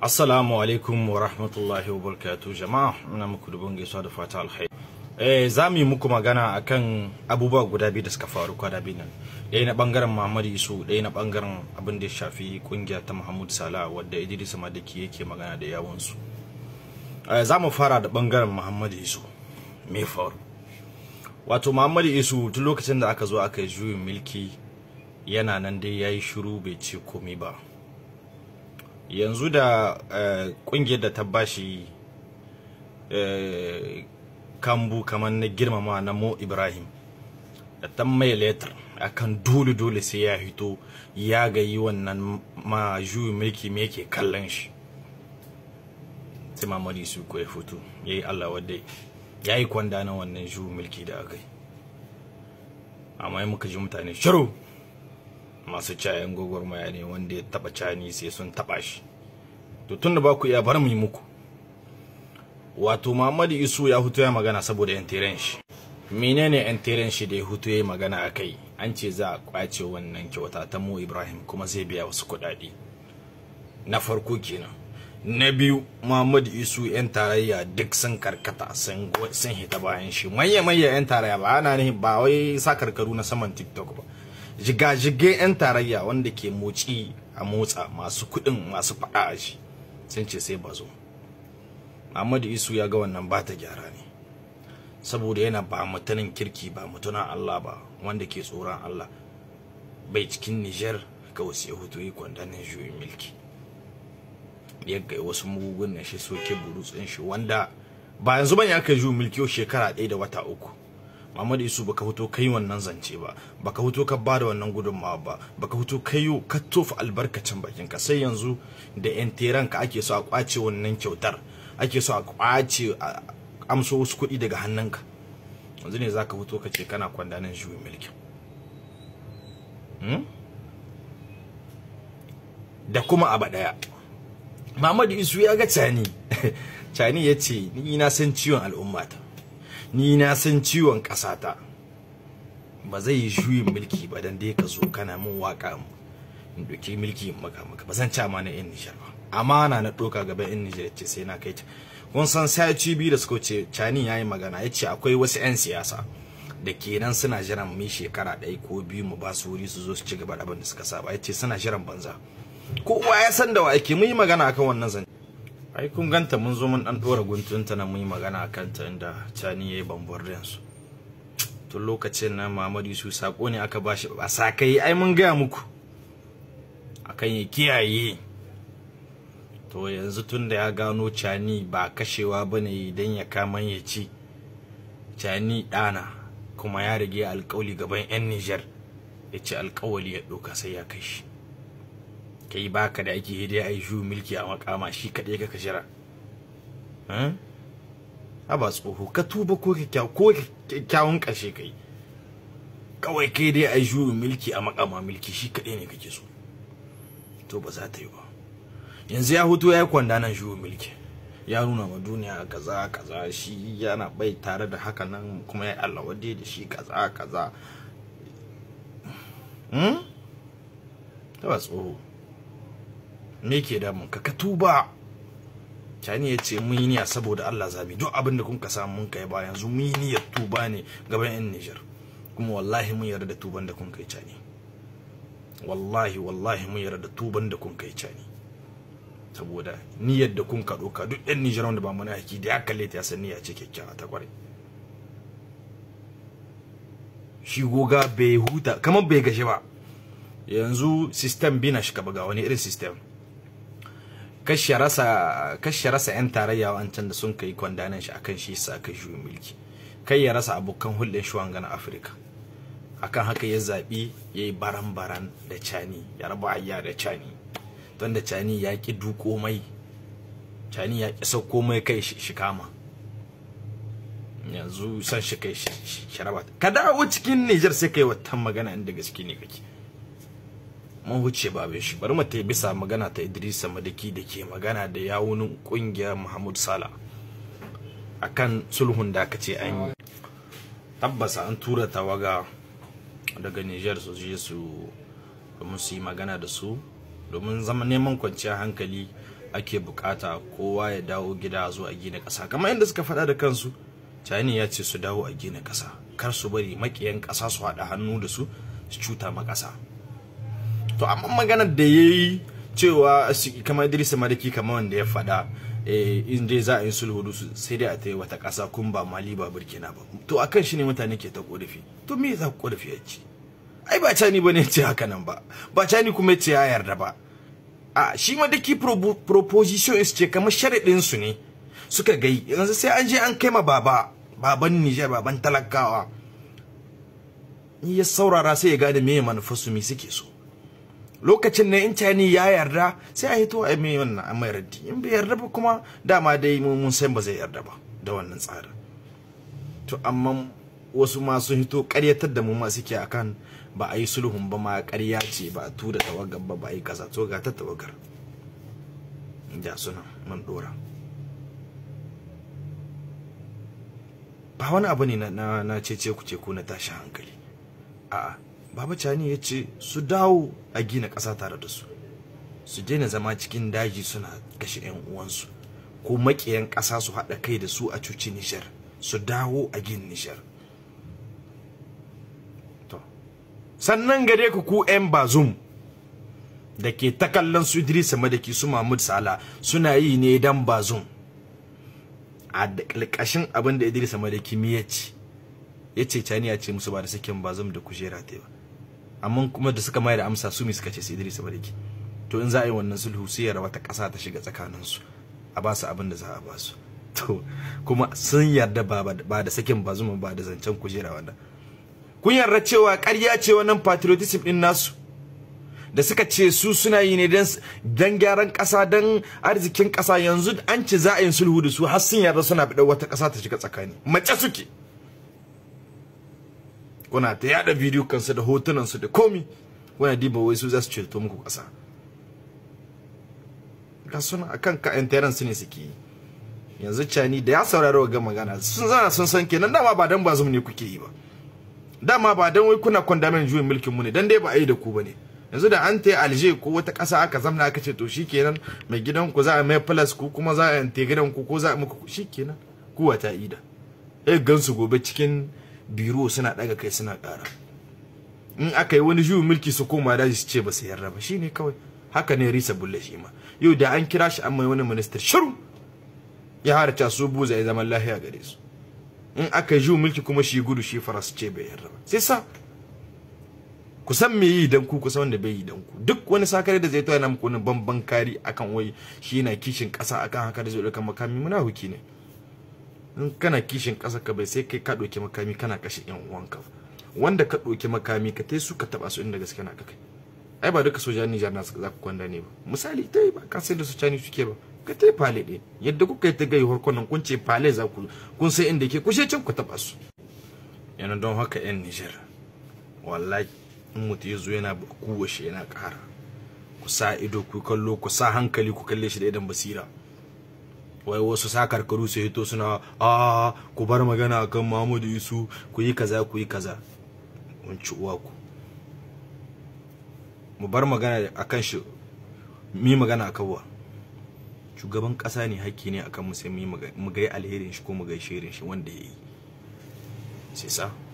Assalamu alaikum wa rahmatullahi wa barakatuh jama'a muna muku dubon gaisuwa da fata alkhair Eh za mu yi muku magana akan abubuwa guda biyu da suka faru kwana biyu nan. Ɗaya na bangaren Muhammadu Isu, ɗaya na bangaren abin da ya shafi kungiya ta muhammadu Salah wadda Idris Madaki yake magana da yawansu. su. Eh za mu fara da bangaren Muhammadu Isu. Me faru? Wato Muhammadu Isu tun lokacin da aka zo aka yi juyin mulki yana nan dai yayi shiru bai ce komai ba. yanzu da kungiyar eh, da ta bashi eh, kambu kamar na girmama na mo ibrahim da ta mai letter akan dole dole sai ya hito ya ga yi wannan ma juyi mulki me yake kallon shi sai mamari su ko ya fito ya yi allah wadda ya yi kwanda na wannan juyi mulki da aka yi amma yi muka ji mutane shiru masu cayan gwagwarmaya ne wanda ya taba cani sai sun taba shi to tunda ba ku iya bar mu yi muku wato Muhammadu Isu ya hutu ya magana saboda yan shi menene yan shi da ya hutu ya magana a kai an ce za a kwace wannan kyauta ta mu Ibrahim kuma zai biya wasu kuɗaɗe na farko kenan na biyu Muhammadu Isu yan tarayya duk sun karkata sun hita bayan shi manya manya yan tarayya ba ana ne ba wai sa karkaru na saman TikTok ba jigajige 'yan tarayya wanda ke motsi a motsa masu kuɗin masu faɗa shi sun ce sai bazo Muhammadu Isu ya ga wannan ba ta gyara ne saboda yana ba mutanen kirki ba mutanen Allah ba wanda ke tsoron Allah bai cikin Niger ga wasu Yahudoyi kwandanin juyin milki yagga wasu mugugun na shi soke burutsun shi wanda ba yanzu ban ya kai juyin milki shekara ɗaya da wata uku Muhammad Isu baka hoto kai wannan zance ba baka hoto ka bada wannan gudunmawa ba baka hoto kai ka tofa albarkacin bakin ka sai yanzu da yan teran ka ake so a kwace wannan kyautar ake so a kwace amso wasu kuɗi daga hannunka yanzu ne zaka hoto ka ce kana kwandanan shi mulkin hmm? da kuma abu daya Muhammad Isu ya ga cani cani yace ni na san ciwon al'ummata ni na san ciwon ƙasata ba zai yi shuyin mulki ba dan dai ka zo kana min waka in doki mulki in maka maka ba zan ci amana yan Nijar ba amana na doka gaban yan Nijar ce sai na kai ta kun san sai biyu da suka ce Chani yayi magana yace akwai wasu yan siyasa da kenan suna jiran mu shekara ɗaya ko biyu mu ba su wuri su zo su ci gaba da abin da suka saba yace suna jiran banza kowa ya san da wa ake mu yi magana akan wannan ai kun ganta mun zo mun dan dora guntunta na mun yi magana akan ta inda cani yayi bambuwar su tun lokacin nan mamadu su sako ne aka bashi ba sakai ai mun gaya muku akan ya kiyaye to yanzu tun da ya gano cani ba kashewa bane idan ya kama ya ci cani dana kuma ya rige alkawali gaban yan Niger ya ci alkawali ya doka sai ya kai shi kai baka da ake dai a ju milki a makama shi kaɗai ka ka jira ba tsoho ka tuba ko kyakkyawan ƙarshe kai kawai kai dai a ju milki a makama milki shi kaɗai ne kake so to ba za ta yi ba yanzu ya hoto ya yi kwandanan ju milki ya nuna ma duniya kaza kaza shi yana bai tare da haka nan kuma ya Allah wade da shi kaza kaza hmm? ta ba tsoho me ke damun ka ka tuba Cani ya ce mun yi niyya saboda Allah zabi duk abin da kun ka samu mun kai ba yanzu mun yi niyyar tuba ne gaban yan Nijar. kuma wallahi mun yarda da tuban da kun kai cani. wallahi wallahi mun yarda da tuban da kun kai cani. saboda niyyar da kun ka doka duk yan Niger wanda ba mana haƙi da ya kalle ta san niyya ce kyakkyawa ta kware shi goga bai huta kamar bai gashi ba yanzu system bina shi ka buga wani irin system kashe rasa rasa yan tarayya wancan da sun kai kwandanan shi akan shi sa aka juyo mulki kai ya rasa abokan hulɗar shi Afirka akan haka ya ya yayi baran-baran da cani ya raba ayya da Chani don da Chani ya ki duko mai Chani ya ki sauko mai kai shi kama yanzu san shi kai shi raba kada dawo cikin nijar sai kai wata magana inda gaske ne kake mun huce babin shi bari mu ta bisa magana ta Idrisa Madaki da ke magana da yawunin kungiyar Muhammad Sala akan sulhun da aka ce an yi tabbasa an tura tawaga daga Niger su je su domin su yi magana da su domin zama neman kwanciyar hankali ake bukata kowa ya dawo gida zo a gina ƙasa kamar yadda suka faɗa da kansu Chani ya ce su dawo a gina kasa kar su bari makiyan ƙasa su haɗa hannu da su su cuta ma ƙasa to amma magana da ya yi cewa kamar Idris Mariki kamar wanda ya faɗa eh, in dai za a yi sulhu sai dai a ta yi wata ƙasa kun ba Mali ba Burkina ba to akan shi ne mutane ke ta korafi to me za ku ya ci ai ba cani bane ce haka nan ba ba cani kuma ce ya yarda ba a shi madaki dake proposition is ce kamar sharadin su ne suka gai yanzu sai an je an kai ma baba baban Niger baban talakawa ni ya saurara sai ya gane me manufarsu me suke so lokacin na in tani ya yarda sai a hito a mai wannan a mai raddi in bai yarda ba kuma dama dai mun san ba zai yarda ba da wannan tsarin to amma wasu masu hito karyatar da mu ma suke akan ba a yi sulhun ba ma karya ce ba a tura tawagar ba ba a yi kaza to ga ta tawagar da suna mun dora ba wani abu ne na na cece ku ce ko na tashi hankali a'a Baba Cani ya ce su dawo a gina ƙasa tare da su. Su daina zama cikin daji suna kashe 'yan uwansu ko maƙiyan ƙasa su haɗa kai da su a cuci nishar Su dawo a gina Nijar. Sannan gare ku ku 'yan bazum da ke ta kallon su Idrisa Madaki su Mahmud Sala suna yi ne dan bazum. A ƙarƙashin abin da Idrisa Madaki ya ya ce cani ya ce musu ba da sakin bazum da kujera ta ba amma kuma da suka mai da amsa su mi suka ce su Idris Bariki to in za a yi wannan sulhu sai ya wata ƙasa ta shiga tsakaninsu a ba su abin da za a ba su to kuma sun yarda ba da sakin bazuma ba da zancen kujera wanda kun yarda cewa ƙarya ce wannan patriotism din nasu da suka ce su suna yi ne don gyaran ƙasa don arzikin ƙasa yanzu an ce za a yi sulhu da su har sun yarda suna fiɗar wata ƙasa ta shiga tsakani mace suke kuna ta yada bidiyo kansu da hotunan su da komi wani diba wai su za su ceto muku kasa. ga suna akan ka su ne suke yi yanzu cani da ya sauraro ga magana sun zana sun san kenan dama ba dan bazum ne kuke yi ba dama ba dan wai kuna kondamin juyin mulkin mu ne dan dai ba a da ku bane yanzu da an tayi alje ko wata kasa aka zamna aka ce to shikenan mai gidan ku za a mai plus ku kuma za a yi gidan ku ko za a muku shikenan kuwa ta ida eh gansu gobe cikin biro suna daga kai suna kara in aka yi wani juyin mulki su koma daji su ce ba su yarda ba shine kawai haka ne risa bulle shi ma yau da an kira shi an mai wani minister shiru ya harta su buza ya zaman lahiya gare su in aka yi juyin mulki kuma shi gudu shi fara su ce bai yarda ba sai sa ku san me yi dan ku ku san wanda bai yi dan ku duk wani sakare da zai to yana muku wani bamban kari akan wai shi na kishin kasa akan haka da zai dauka makami muna huki ne in kana kishin ƙasa ka bai sai kai ka ɗauki makami kana kashe yan uwanka wanda ka ɗauki makami ka tai su ka taɓa su inda gaske na ka kai ai ba duka sojan Niger na za ku kwanda ne ba misali tai ba ka sai da su cani suke ba ka tai fale ɗin yadda kuka yi ta gai harkon nan kun ce fale za ku kun sai inda ke kushe can ku taɓa su yana don haka yan Nijar wallahi in mutu ya zo yana kuwa shi yana ƙara ku sa ido ku kallo ku sa hankali ku kalle shi da idan basira wai wasu sakarkaru su hito suna a ku bar magana akan Muhammadu Isu ku yi kaza ku yi kaza mun ci uwa ku mu bar magana akan shi mi magana akan wa shugaban kasa ne hakki ne akan mu sai mu ga alherin shi ko mu ga shirin shi wanda yayi sai sa